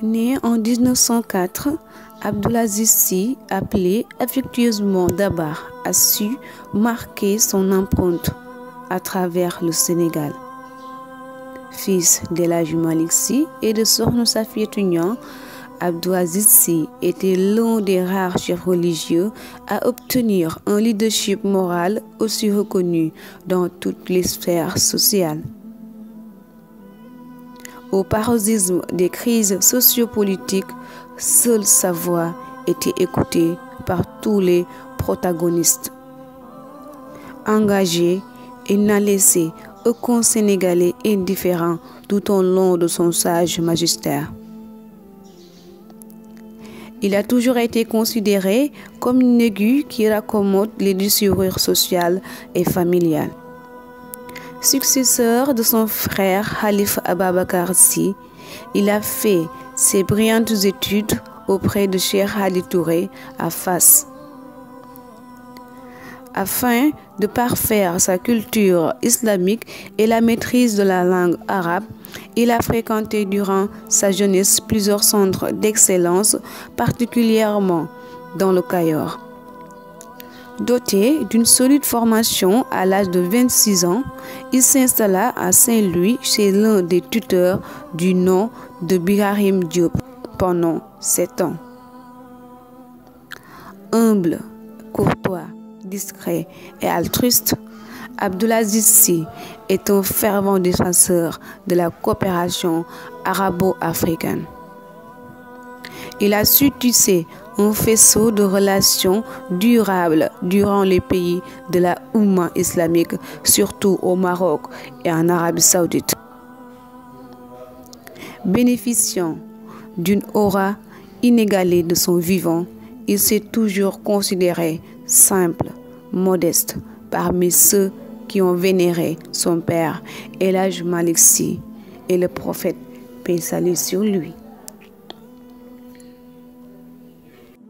Né en 1904, Abdulaziz Sy, appelé affectueusement Dabar, a su marquer son empreinte à travers le Sénégal. Fils d'Elhadji et de Sokhna Safiétou Niang, était l'un des rares chefs religieux à obtenir un leadership moral aussi reconnu dans toutes les sphères sociales. au paroxysme des crises sociopolitiques, seule sa voix était écoutée par tous les protagonistes. Engagé, il n'a laissé aucun Sénégalais indifférent tout au long de son sage magistère. Il a toujours été considéré comme une aiguille qui raccommode les déchirures sociales et familiales. Successeur de son frère Khalifa Ababakar Sy, il a fait ses brillantes études auprès de Cheikh Ali Touré à Fès. Afin de parfaire sa culture islamique et la maîtrise de la langue arabe, il a fréquenté durant sa jeunesse plusieurs centres d'excellence, particulièrement dans le Cayor. Doté d'une solide formation à l'âge de 26 ans, il s'installa à Saint-Louis chez l'un des tuteurs du nom de Birarim Diop pendant sept ans. Humble, courtois, discret et altruiste, Abdulaziz Sy est un fervent défenseur de la coopération arabo-africaine. Il a su tisser un faisceau de relations durables durant les pays de la Oumma islamique, surtout au Maroc et en Arabie saoudite. Bénéficiant d'une aura inégalée de son vivant, il s'est toujours considéré simple, modeste, parmi ceux qui ont vénéré son père, Elhaj Maliksi, et le prophète, paix salut sur lui.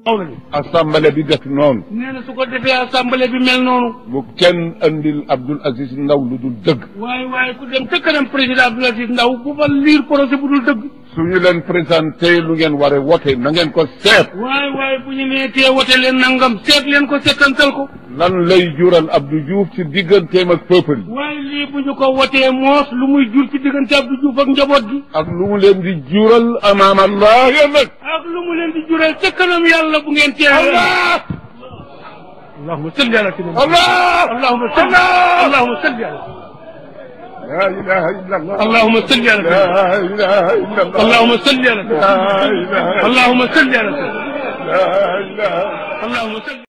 aw nañu. assemblée bi def noonu. nee na su ko defee assemblée bi mel noonu. bu kenn andil Abdoul Aziz Ndaw lu dul dëgg. waaye waaye ku dem ca kanam président Abdoul Aziz Ndaw bu fa liir projet bu dul dëgg. su ñu leen présenté lu ngeen war a wote na ngeen ko seet. waaye waay bu ñu nee tee wote leen nangam seet leen ko seetantal ko. lan lay jural Abdou Diouf ci digganteem ak peuple yi. waaye lii bu ñu ko wotee moos lu muy jur ci diggante Abdou Diouf ak njaboot gi. ak lu mu leen di jural amaam Allah yéen nag. ak lu mu leen di jural ca kanam yàlla bu ngeen tee. Allah. allahumma salli ala sayyidina. Allah allahumma salli. allahumma salli ala. لا اله الا الله اللهم صل على سيدنا لا اله الا الله اللهم صل على سيدنا اللهم صل على سيدنا لا اله اللهم صل